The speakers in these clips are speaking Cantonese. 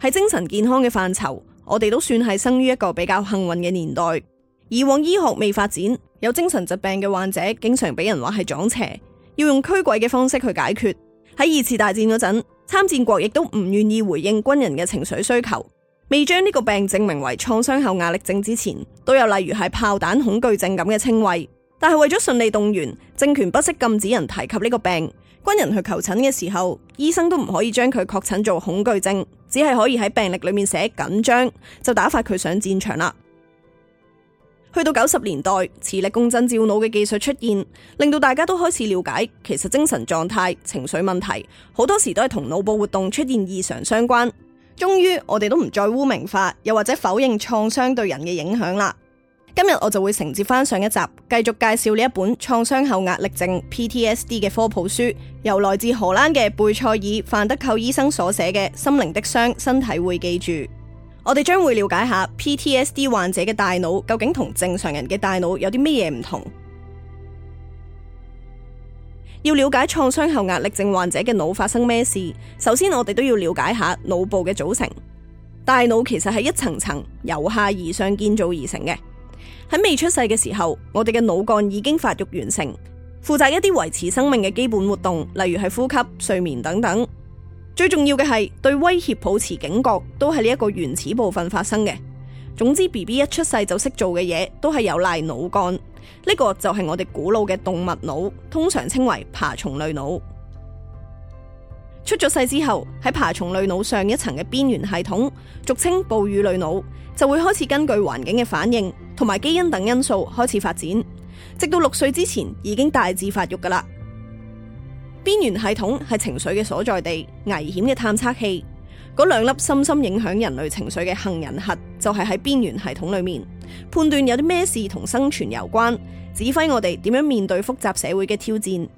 喺精神健康嘅範疇，我哋都算係生於一個比較幸運嘅年代。以往醫學未發展，有精神疾病嘅患者經常俾人話係撞邪，要用驅鬼嘅方式去解決。喺二次大戰嗰陣，參戰國亦都唔願意回應軍人嘅情緒需求。未將呢個病證明為創傷後壓力症之前，都有例如係炮彈恐懼症咁嘅稱謂。但係為咗順利動員，政權不惜禁止人提及呢個病。軍人去求診嘅時候，醫生都唔可以將佢確診做恐懼症。只係可以喺病歷裏面寫緊張，就打發佢上戰場啦。去到九十年代，磁力共振照腦嘅技術出現，令到大家都開始了解，其實精神狀態、情緒問題好多時都係同腦部活動出現異常相關。終於，我哋都唔再污名化，又或者否認創傷對人嘅影響啦。今日我就會承接翻上，上一集，繼續介紹呢一本創傷後壓力症 （PTSD） 嘅科普書，由來自荷蘭嘅貝塞爾范德寇醫生所寫嘅《心靈的傷，身體會記住》。我哋將會了解下 PTSD 患者嘅大腦究竟同正常人嘅大腦有啲咩嘢唔同。要了解創傷後壓力症患者嘅腦發生咩事，首先我哋都要了解下腦部嘅組成。大腦其實係一層層由下而上建造而成嘅。喺未出世嘅時候，我哋嘅腦幹已經發育完成，負責一啲維持生命嘅基本活動，例如係呼吸、睡眠等等。最重要嘅係對威脅保持警覺，都係呢一個原始部分發生嘅。總之，B B 一出世就識做嘅嘢都係有賴腦幹。呢個就係我哋古老嘅動物腦，通常稱為爬蟲類腦。出咗世之後，喺爬蟲類腦上一層嘅邊緣系統，俗稱哺乳類腦，就會開始根據環境嘅反應同埋基因等因素開始發展，直到六歲之前已經大致發育㗎喇。邊緣系統係情緒嘅所在地，危險嘅探測器，嗰兩粒深深影響人類情緒嘅杏仁核就係喺邊緣系統裏面，判斷有啲咩事同生存有關，指揮我哋點樣面對複雜社會嘅挑戰。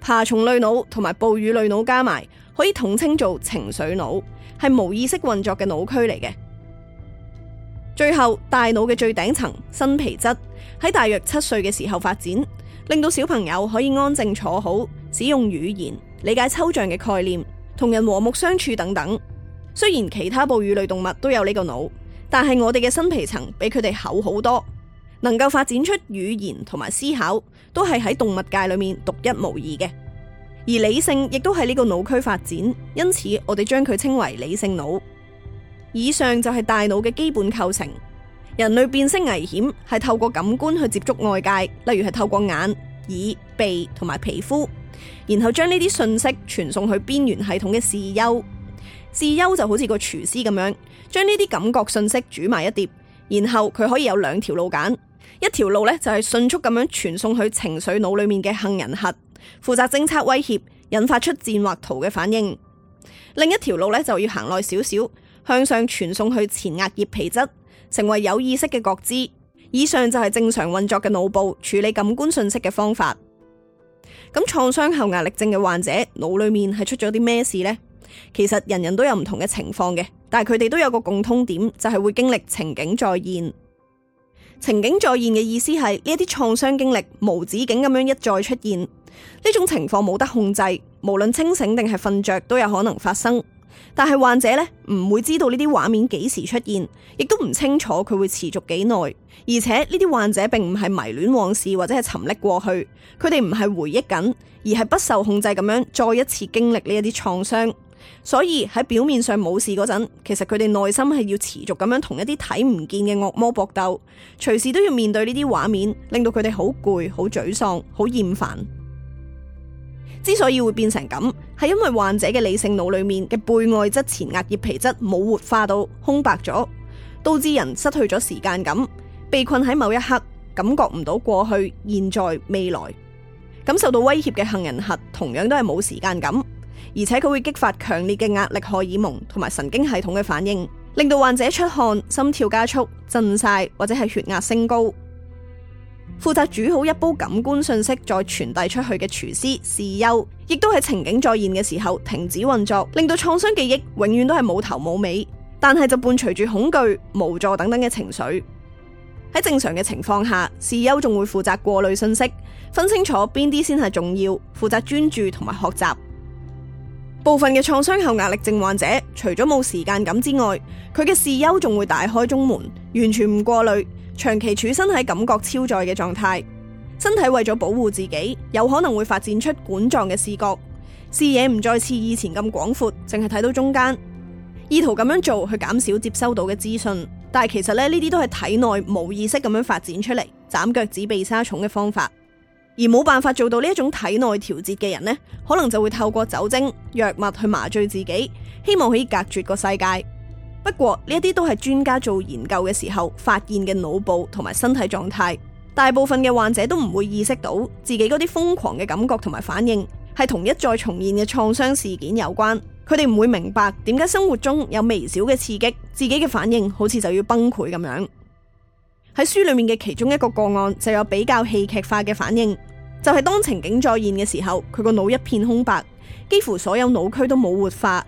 爬蟲類腦同埋哺乳類腦加埋，可以統稱做情緒腦，係無意識運作嘅腦區嚟嘅。最後，大腦嘅最頂層新皮質喺大約七歲嘅時候發展，令到小朋友可以安靜坐好，使用語言，理解抽象嘅概念，同人和睦相處等等。雖然其他哺乳類動物都有呢個腦，但係我哋嘅新皮層比佢哋厚好多，能夠發展出語言同埋思考，都係喺動物界裏面獨一無二嘅。而理性亦都喺呢個腦區發展，因此我哋將佢稱為理性腦。以上就係大腦嘅基本構成。人類辨識危險係透過感官去接觸外界，例如係透過眼、耳、鼻同埋皮膚，然後將呢啲信息傳送去邊緣系統嘅視丘。視丘就好似個廚師咁樣，將呢啲感覺信息煮埋一碟，然後佢可以有兩條路揀，一條路咧就係迅速咁樣傳送去情緒腦裏面嘅杏仁核，負責偵測威脅，引發出戰或逃嘅反應；另一條路咧就要行耐少少。向上傳送去前額葉皮質，成為有意識嘅覺知。以上就係正常運作嘅腦部處理感官信息嘅方法。咁創傷後壓力症嘅患者腦裏面係出咗啲咩事呢？其實人人都有唔同嘅情況嘅，但係佢哋都有個共通點，就係會經歷情景再現。情景再現嘅意思係呢一啲創傷經歷無止境咁樣一再出現，呢種情況冇得控制，無論清醒定係瞓着都有可能發生。但係患者咧唔會知道呢啲畫面幾時出現，亦都唔清楚佢會持續幾耐。而且呢啲患者並唔係迷戀往事或者係沉溺過去，佢哋唔係回憶緊，而係不受控制咁樣再一次經歷呢一啲創傷。所以喺表面上冇事嗰陣，其實佢哋內心係要持續咁樣同一啲睇唔見嘅惡魔搏鬥，隨時都要面對呢啲畫面，令到佢哋好攰、好沮喪、好厭煩。之所以會變成咁，係因為患者嘅理性腦裏面嘅背外側前額葉皮質冇活化到，空白咗，導致人失去咗時間感，被困喺某一刻，感覺唔到過去、現在、未來。感受到威脅嘅杏仁核同樣都係冇時間感，而且佢會激發強烈嘅壓力荷爾蒙同埋神經系統嘅反應，令到患者出汗、心跳加速、震晒，或者係血壓升高。負責煮好一煲感官信息再傳遞出去嘅廚師視丘，亦都喺情景再現嘅時候停止運作，令到創傷記憶永遠都係冇頭冇尾，但係就伴隨住恐懼、無助等等嘅情緒。喺正常嘅情況下，視丘仲會負責過濾信息，分清楚邊啲先係重要，負責專注同埋學習。部分嘅創傷後壓力症患者，除咗冇時間感之外，佢嘅視丘仲會大開中門，完全唔過濾。長期處身喺感覺超載嘅狀態，身體為咗保護自己，有可能會發展出管狀嘅視覺，視野唔再似以前咁廣闊，淨係睇到中間，意圖咁樣做去減少接收到嘅資訊。但係其實咧，呢啲都係體內無意識咁樣發展出嚟，斬腳趾避沙蟲嘅方法，而冇辦法做到呢一種體內調節嘅人呢，可能就會透過酒精、藥物去麻醉自己，希望可以隔絕個世界。不過呢一啲都係專家做研究嘅時候發現嘅腦部同埋身體狀態。大部分嘅患者都唔會意識到自己嗰啲瘋狂嘅感覺同埋反應係同一再重現嘅創傷事件有關。佢哋唔會明白點解生活中有微小嘅刺激，自己嘅反應好似就要崩潰咁樣。喺書裏面嘅其中一個個案就有比較戲劇化嘅反應，就係、是，當情景再現嘅時候，佢個腦一片空白，幾乎所有腦區都冇活化。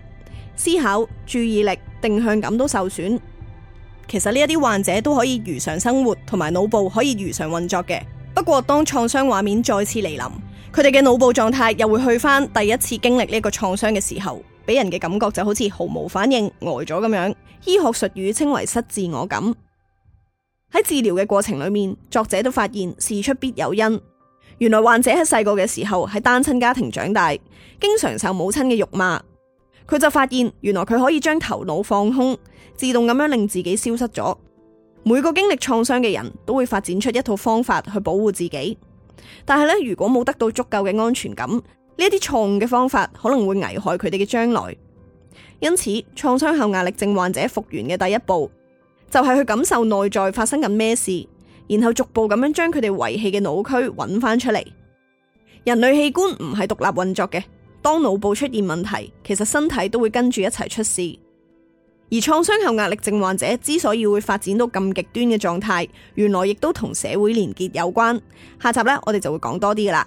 思考注意力。定向感都受損，其實呢一啲患者都可以如常生活，同埋腦部可以如常運作嘅。不過當創傷畫面再次來臨，佢哋嘅腦部狀態又會去翻第一次經歷呢個創傷嘅時候，俾人嘅感覺就好似毫無反應，呆咗咁樣。醫學術語稱為失自我感。喺治療嘅過程裏面，作者都發現事出必有因，原來患者喺細個嘅時候，喺單親家庭長大，經常受母親嘅辱罵。佢就發現，原來佢可以將頭腦放空，自動咁樣令自己消失咗。每個經歷創傷嘅人都會發展出一套方法去保護自己，但係咧，如果冇得到足夠嘅安全感，呢一啲錯誤嘅方法可能會危害佢哋嘅將來。因此，創傷後壓力症患者復原嘅第一步，就係去感受內在發生緊咩事，然後逐步咁樣將佢哋遺棄嘅腦區揾翻出嚟。人類器官唔係獨立運作嘅。當腦部出現問題，其實身體都會跟住一齊出事。而創傷後壓力症患者之所以會發展到咁極端嘅狀態，原來亦都同社會連結有關。下集呢，我哋就會講多啲㗎喇。